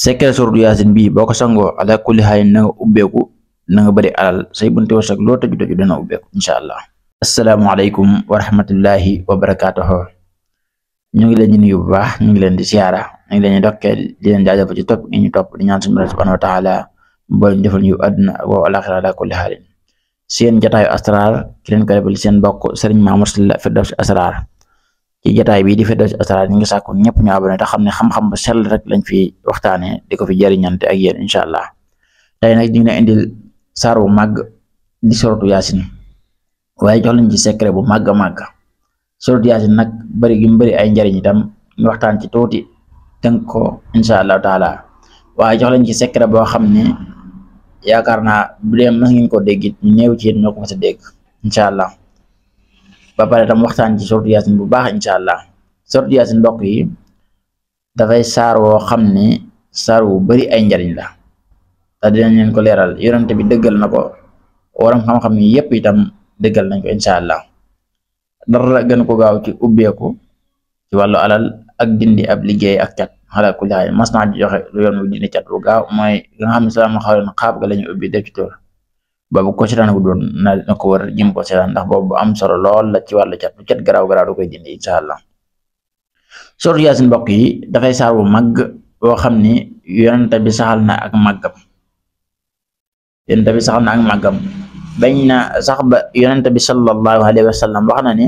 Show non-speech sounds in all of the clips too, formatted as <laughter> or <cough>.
secret suratu yaasin bii boo ko sangoo ala kulli xaalin na nga ubbeeku na nga bëri alal say bunte wasak loo tëju tëju dana ubbeeku incha allah asalaamualeykum wa rahmatullahi wa barakatuhu ñu ngi leen di nuyu bu baax ñu ngi leen di siyaara ñu ngi leen di dokkee di leen jaajëfal ci topp gi ñu topp di ñaan suñu borom subhanahu wa taala boole ñu defal ñu àdduna ak waaw alaxira ala kulli xaalin seen jataayu asraar ki leen ko defal seen bokk Serigne Mamour Sylla Firdawsi ci jotaay bi di Firdaws Asrar ñu ngi sàkku ñëpp ñu abonné te xam ne xam-xam bu sell rek lañ fi waxtaanee di ko fi jëriñante ak yéen incha allah tey nag ñu ngi leen indil saar bu màgg di soratu yaasin waaye jox lañ ci secret bu màgg a màgg soratu yaasin nag bari gi mu bari ay njariñ itam ñu waxtaan ci tuuti tënk ko incha allah taala waaye jox lañ ci secret boo xam ne yaakaar naa bu dee mës ngeen ko dégg it ñu néew ci yéen ñoo ko mës a dégg incha allah. ba pare tam waxtan ci surtu yaasin bu baax inshallah allah surtu yaasin yi da fay sar wo xamne sar wu bari ay njariñ la da dinañ len ko leral yonente bi deggal nako ko waram xam-xam yi yépp itam deggal nañ ko inshallah dara gën ko gaaw ci ubbeeku ci walu alal ak dindi ab liggey ak cat xalaat kulay masna joxe lu yoon wu dindi cat wu gaaw moy nga xam salam xawlan xawlen xaab ga la ubbi def ci tor boobu ko seetaan gu doon na ko war jëm ko seetaan ndax boobu am solo lool la ci wàllu cat bu cat garaaw garaaw koy dindi incha allah sootu yaasin mbokk yi dafay saar bu màgg boo xam ni yonent bi saxal na ak màggam yonent bi saxal na ak màggam ba na sax ba yonent bi sallallahu alayhi wa sallam wax na ni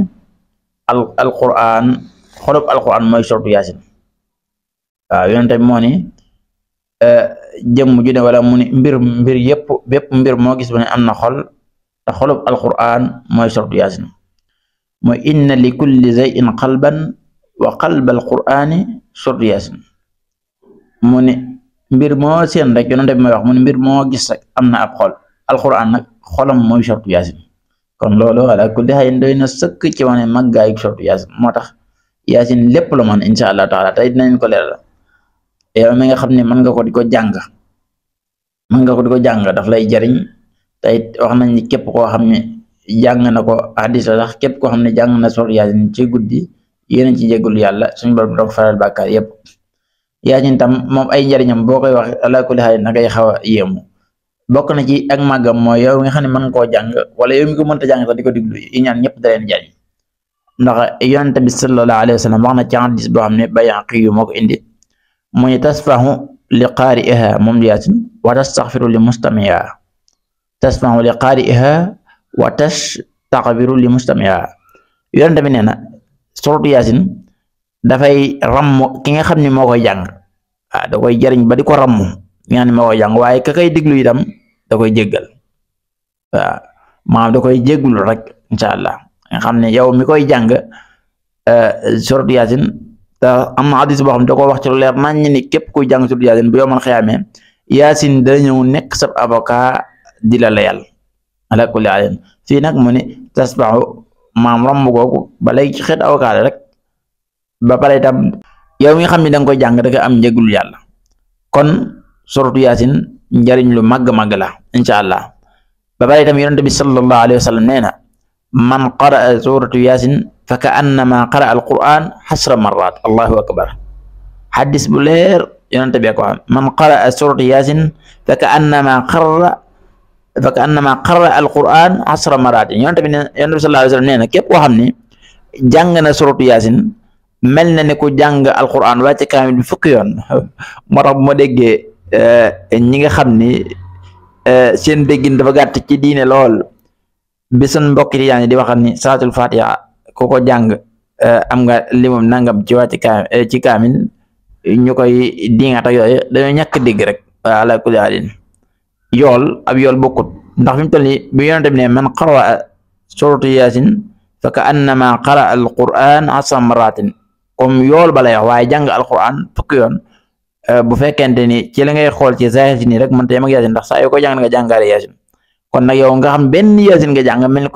al alquran xolub alquran mooy sootu yaasin waaw yonent bi ni eh, jëmm ju ne wala mu ne mbir mbir yëpp bépp mbir moo gis bu am na xol te xolub alquran mooy sortu yaasin mooy inna li kulli zayin qalban wa qalba alqurani sortu yaasin mu mbir moo seen rek yonente bi wax mu mbir moo gis am na ab xol alquran nag xolam mooy sortu yaasin kon loolu ala kulli xayin doy na sëkk ci wane màggaayu sortu yaasin moo tax yaasin lépp la man insha allah taala tey dinañ ko leeral te yow mi nga xam ne mën nga ko di ko jàng nga ko di ko jàng daf lay jariñ te it wax nañ ni képp koo xam ne jàng na ko hadis la sax képp koo xam ne jàng na soor yaasin ci guddi yéen ci jéggul yàlla suñ borom doo faral faral bàkkaar yépp yaasin tam moom ay jariñam boo koy wax ala kulli haal na ngay xaw a yéemu bokk na ci ak màggam mooy yow nga xam ne mën koo jàng wala yow mi ko mënta ta sax di ko diglu yi ñaan ñëpp da leen jariñ ndax yonente bi sallallahu alayhi wa sallam wax na ci hadis ne bayan xiyu moo muy tasfahu li qari'iha mumliyatun wa tastaghfiru li mustami'a tasfahu li qari'iha wa tastaghfiru li mustami'a yoon dami neena suratu yasin da fay ram ki nga xamni moko jang ah, da koy jariñ ba diko ram ñaan moko jang waye ka kay deglu itam da koy jegal wa ah, ma da koy jeglu rek inshallah nga xamni yow mi koy jang euh suratu yasin am na hadis boo xam da ko wax ci lu leer nañ ni kep ku jang sul yaasin bu yomal khiyamé yaasin da ñew nekk sa avocat di la layal ala kulli alin nak nag mu ne tasbaxu maam romb googu ba léegi ci xet avocat rek ba balay tam yow mi xam ni dang koy da am jegul yalla kon suratu yasin njariñ lu mag mag la inshallah ba balay tam yaronte bi sallallahu alayhi wasallam neena man qaraa suratu yasin فكأنما قرأ القرآن حسر مرات الله أكبر حديث بولير ينتبه من قرأ سورة ياسين فكأنما قرأ فكأنما قرأ القرآن عشر مرات ينتبه ينتبه صلى الله عليه وسلم نينا كيف وهمني جانغنا سورة ياسين ملنا نكو ne القرآن jàng alquran wàcce kaamil bi fukki yoon moo tax bu ma déggee ñi nga xam ni seen déggin dafa gàtt ku ko jàng eh, am nga limam nangam ci wàcc kaam eh, ci kaamin ñu koy dingat ak yooyu dañoo ñàkk dégg rek ala kulli halin yool ab yool bokkut ndax fi mu toll nii bi yonente bi ne man qaraa suratu yaasin fa ka annama qaraa alquran asra maratin comme yool ba lay wax waaye jàng alquran fukki yoon eh, bu fekkente ni ci la ngay xool ci zahir si rek mën ta yem ak ndax saa yoo ko jàng nga jàngaale yaasin kon nag nga xam benn yaasin nga jàng mel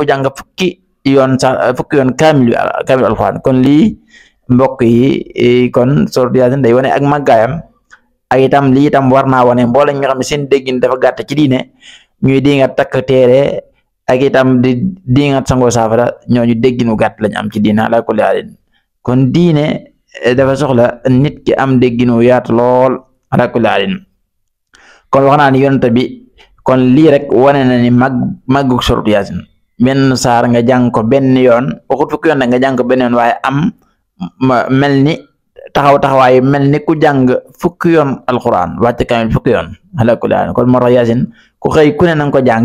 yoon sax fukki yoon kaamil kaamil alxuraan kon lii mbokk yi eh, kon sooratu Yaasin day wane ak màggaayam ak itam lii itam war naa wane mboolem ñoo xam ne seen déggin dafa gàtt ci diine ñuy di nga takk téere ak itam di di nga saafara ñooñu dégginu gàtt lañ am ci diine ala kulli haalin kon diine eh, dafa soxla nit ki am dégginu yaatu lool ala kulli haalin ni yonent bi kon lii rek wane na ni mag màggug sooratu Yaasin benn saar nga jàng ko benn yoon waxut fukki yoon nga jàng ko benn yoon waaye am mel ni taxaw taxawaay mel ni ku jàng fukki yoon alquran wàcc kamil fukki yoon ala kulli haalin kon moo tax ku xëy ku ne na nga ko jàng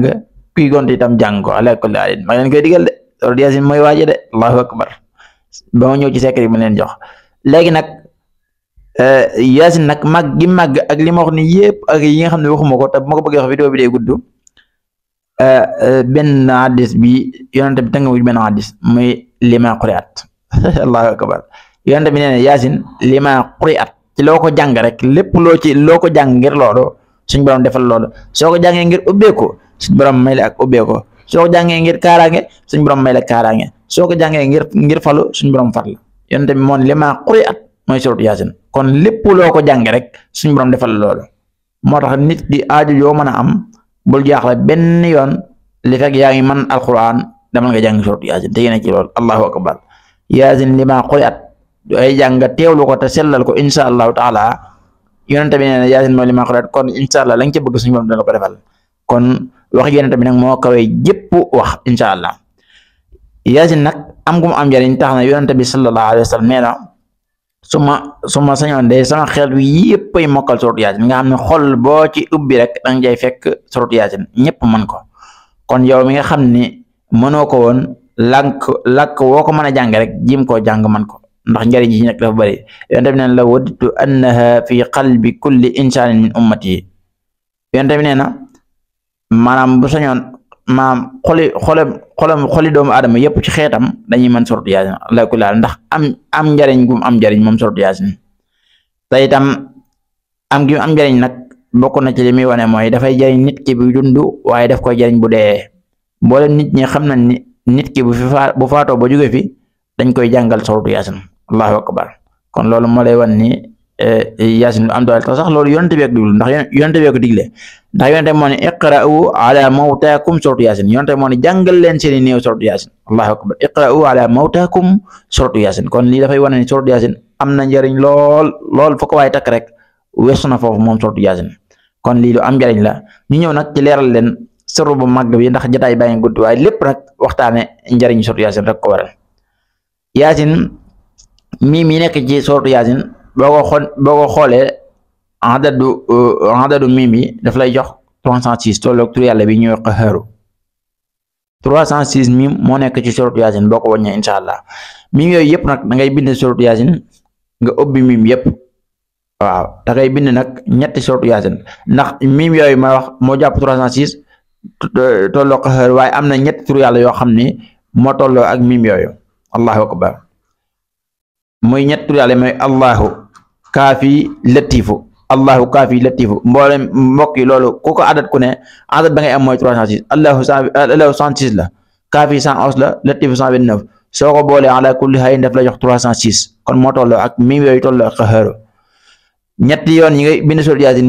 kuy gont itam jàng ko ala kulli haalin ma leen koy digal de loolu yasin mooy waaje de allahu akbar ba ma ñëw ci secret bi ma leen jox léegi nag euh, yasin nag mag gi mag ak li ma wax ni yëpp ak yi nga xam ne waxuma ko te bu ma ko bëggee wax Eh, eh, benn ben bi yonent bi tënk benn hadis muy lima quriat <laughs> allahu akbar yonent bi nee na yaasin lima quriat ci loo ko jàng rek lépp loo ci loo ko jàng ngir loolu suñ borom defal loolu soo ko jàngee ngir ubbeeko suñ borom ak ubbeeko soo ko jàngee ngir kaaraange suñ borom may la kaaraange soo ko jàngee ngir ngir falu suñ borom far la yonent bi moon lima quriat mooy suratu yaasin kon lépp loo ko jàng rek suñ borom defal loolu moo tax nit di aaju yoo mën a am bul jaaxle benn yoon li fekk yaa ngi man alquran dama nga jàng suratu yaasin te yéene ci lool allahu akbar yaasin li ma quriat ay jàng nga teewlu ko te ko insha allahu taala yonente bi nee yaasin mooy li ma quriat kon insha allah la nga ci bëgg suñu borom dana ko defal kon wax yonente bi nag moo kawee jëpp wax insha allah yaasin nag am gu am jariñ tax na yonente bi sallallahu alayhi wa sallam nee su ma su ma sañoon de sama xel wi yëpp ay mokal suratu yaasin nga xam ne xool boo ci ubbi rek danga jay fekk suratu yaasin ñëpp man ko kon yow mi nga xam ne mënoo ko woon lank làkk woo ko mën a jàng rek jim koo jàng mën ko ndax njariñ yi nag dafa bari na la waditu annaha fi qalbi kulli insaanin min ummati yonent bi nee na maanaam bu sañoon maam xoli xole xolam xoli doomu aadama yëpp ci xeetam dañuy mën sortu yaasin la ku laal ndax am am njariñ gum am jariñ moom sortu yaasin te itam am gi am njariñ nag bokk na ci li muy wane mooy dafay jariñ nit ki bu dund waaye daf koy jariñ bu dee mboolem nit ñi xam nañ ni nit ki bu fi faa bu faatoo ba jóge fi dañ koy jàngal sortu yaasin allahu akbar kon loolu moo lay wan Eh, eh, yaasin am doole tax sax loolu yonente bee ko diglu ndax yonente bee ko digle ndax yonente moo ne iqra'u ala mawtaakum suratu yaasin yonente moo ne jàngal leen seeni néew suratu yaasin allahu akbar iqra'u ala mawtaakum suratu yaasin kon lii dafay wane ne suratu yaasin am na njariñ lool lool foo ko waaye takk rek weesu na foofu moom suratu yaasin kon lii lu am njariñ la ñu ñëw nag ci leeral leen sëru bu màgg bi ndax jotaay baa ngi gudd waaye lépp nag waxtaane njariñ suratu yaasin rek ko waral yaasin mii mi nekk ci suratu yaasin boo ko xon boo ko xoolee adadu euh, adadu miim yi daf lay jox trois cent six tolloog tur bi ñuy wax xëru trois cent six miim moo nekk ci suratu yaasin boo ko wàññee incha allah miim yooyu yëpp nag dangay ngay bind suratu yaasin nga ubbi miim yëpp waaw da bind nag ñetti suratu yaasin ndax miim yooyu may wax moo jàpp trois cent six tolloog xëru waaye am na ñetti tur yàlla yoo xam ne moo tolloo ak miim yooyu allahu akbar muy ñetti tur yàlla mooy allahu kaafi latifu allahu kaafi latifu mboolem mbokk yi loolu ku ko adat ku ne adat ba ngay am mooy trois cent six allahu cent six la kaafi cent onze la latifu cent vingt neuf soo ko boolee ala kulli xayin daf la jox trois cent six kon moo tolloo ak mim yooyu tolloo ak xaxaru ñetti yoon yi ngay bind sol yaasin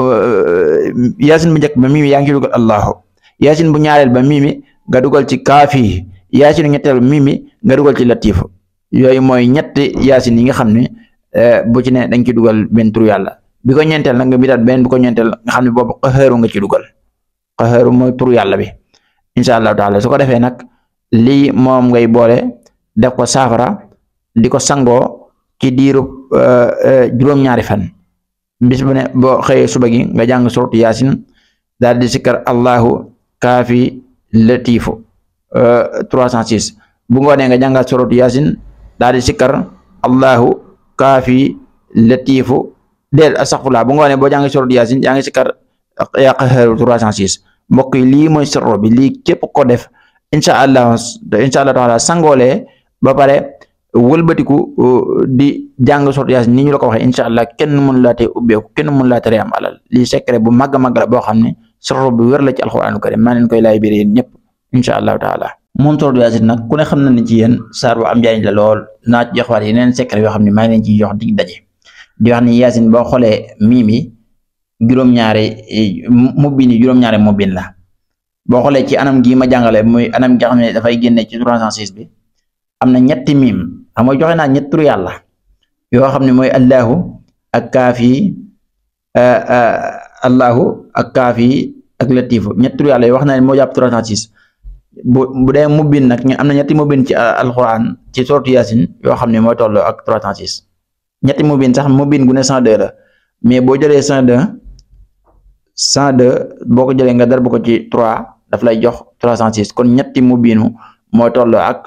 euh, yaasin bu njëkk ba mimi yaa ngi ci dugal allahu yaasin bu ñaareel ba mimi nga dugal ci kaafi yaasin bu ñetteel ba mimi nga dugal ci latifu yooyu mooy ñetti yaasin yi nga xam ne Eh, bu ci ne da nga ci dugal benn tur bi ko ñeenteel nag nga bitaat beneen bi ko ñeenteel nga xam ne nga ci dugal xëru mooy tur yàlla bi incha allahu taala su ko defee nag lii moom ngay boole def ko saafara di ko sangoo ci diiru eh, eh, juróom-ñaari fan bis bu ne boo xëyee suba gi nga jàng suratu yaasin daal di sikkar allahu kaafi latifu 306 bu ngoonee nga jàngaat suratu yaasin daal di sikkar allahu Kafi latifu del astaghfirullah bu ngone bo jàngi sur yasin yaa ci kar yaa qaharu 306 mbokk yi lii mooy sirru bi lii kep ko def inshallah allah inshallah allah taala sangole ba pare wëlbatiku uh, di jang sur yasin ni ñu lako waxe inshallah allah kenn mun laa ubbe ko kenn mun laa te am alal lii secret bu mag mag la bo xamni ne kare. bu la ci alquran karim man leen koy lay ñep inshallah allah taala Mounatarul Yaasin nag ku ne xam na ne ci yéen saar bu am njariñ la lool naa ci yeneen secret yoo xam ne maa ngi leen jox dig daje di wax boo xoolee miim yi juróom-ñaari mubbin yi juróom la boo xoolee ci anam gii ma jàngale muy anam gi nga xam ne dafay génne ci 306 bi am na ñetti miim xam joxe naa ñetti turu yàlla yoo xam ne mooy Allahu ak Kaafi Allahu ak Kaafi ak Latifu ñetti turu yàlla yoo wax na ne moo jàpp 306 bu day mubin nak ñu amna ñetti mubin ci alquran ci sortu yasin yo xamne mo mooy ak 306 ñetti mubin sax mubin gune 102 la mais bo jëlé 102 102 boko jëlé nga dar bu ko ci 3 daf lay jox 306 kon ñetti mubinu mo tolloo ak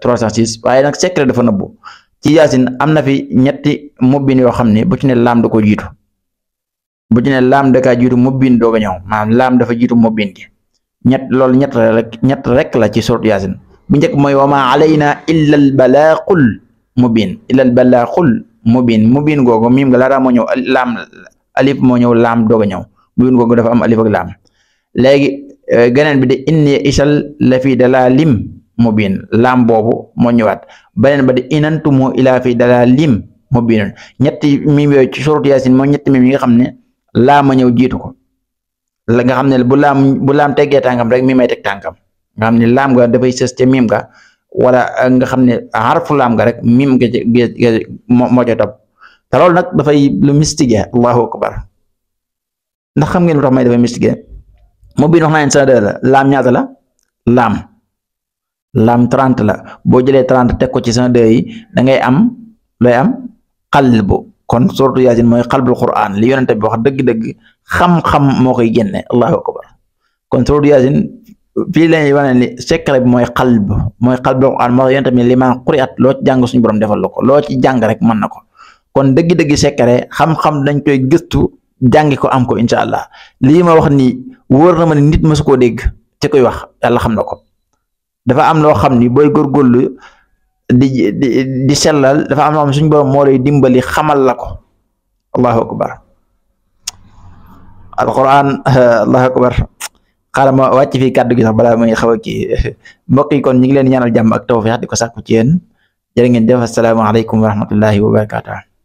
306 waye nak secret dafa nëbbu ci yasin amna fi ñetti mubin yo xamne bu ci ne laam da ko jitu bu ci ne laam da ka jitu mubin doog a ñëw maanaam laam dafa jitu mubin gi ñett loolu ñett rek ñett rek la ci surat yaasin bu njëkk mooy wa maa alayna illa al balaaqul mubin illa al balaaqul mubin mubin googu miim nga laataa moo ñëw laam alif moo ñëw laam doog a ñëw mubin googu dafa am alif ak laam léegi eh, geneen bi de inni isal la fi dalaalim mubin laam boobu moo ñëwaat beneen ba de inantumu ilaa fi dalaalim mubin ñetti miim yooyu ci surat yaasin moo ñetti mi yi nga xam ne laam a ñëw jiitu ko la nga xam ne bu laam bu laam gee tànkam rek mi may teg tànkam nga xam ne laam nga dafay sës ca mim nga wala uh, nga xam ne xarfu laam nga rek miim nga moo ca topp te loolu nag dafay lu mystique allahu akbar ndax xam ngeen lu tax may dafay mystique mu biin wax naa leen sanadar la laam ñaata la laam laam 30 la boo jëlee 30 teg ko ci sanadar yi da ngay am looy am qalbu kon suratu yaasin mooy xalbul qur'an li yonente bi wax dëgg-dëgg xam-xam moo koy génne allahu akbar kon suratu yaasin fii lañuy wane ni secret bi mooy xalb mooy xalbul qur'an moo yonente bi li ma quri'at loo ci jàng suñu borom defal la loo ci jàng rek mën na ko kon dëgg-dëgg secret xam-xam dañ koy gëstu jàngi ko am ko incha allah lii ma wax ni wóor na ma ni nit mësu koo dégg ci koy wax yàlla xam na ko dafa am loo xam ni booy góorgóorlu di di sellal dafa am loo xam suñ borom moo lay dimbali xamal la ko allahu akbar alquran <laughs> allahu akbar xaaral ma wàcc fii kàddu gi sax balaa may xaw a kii <laughs> mbokk yi kon ñu ngi leen ñaanal jàmm ak tawfiq di ko sàkku ci yéen jërë ngeen def asalaamaaleykum wa rahmatullahi wa barakatuh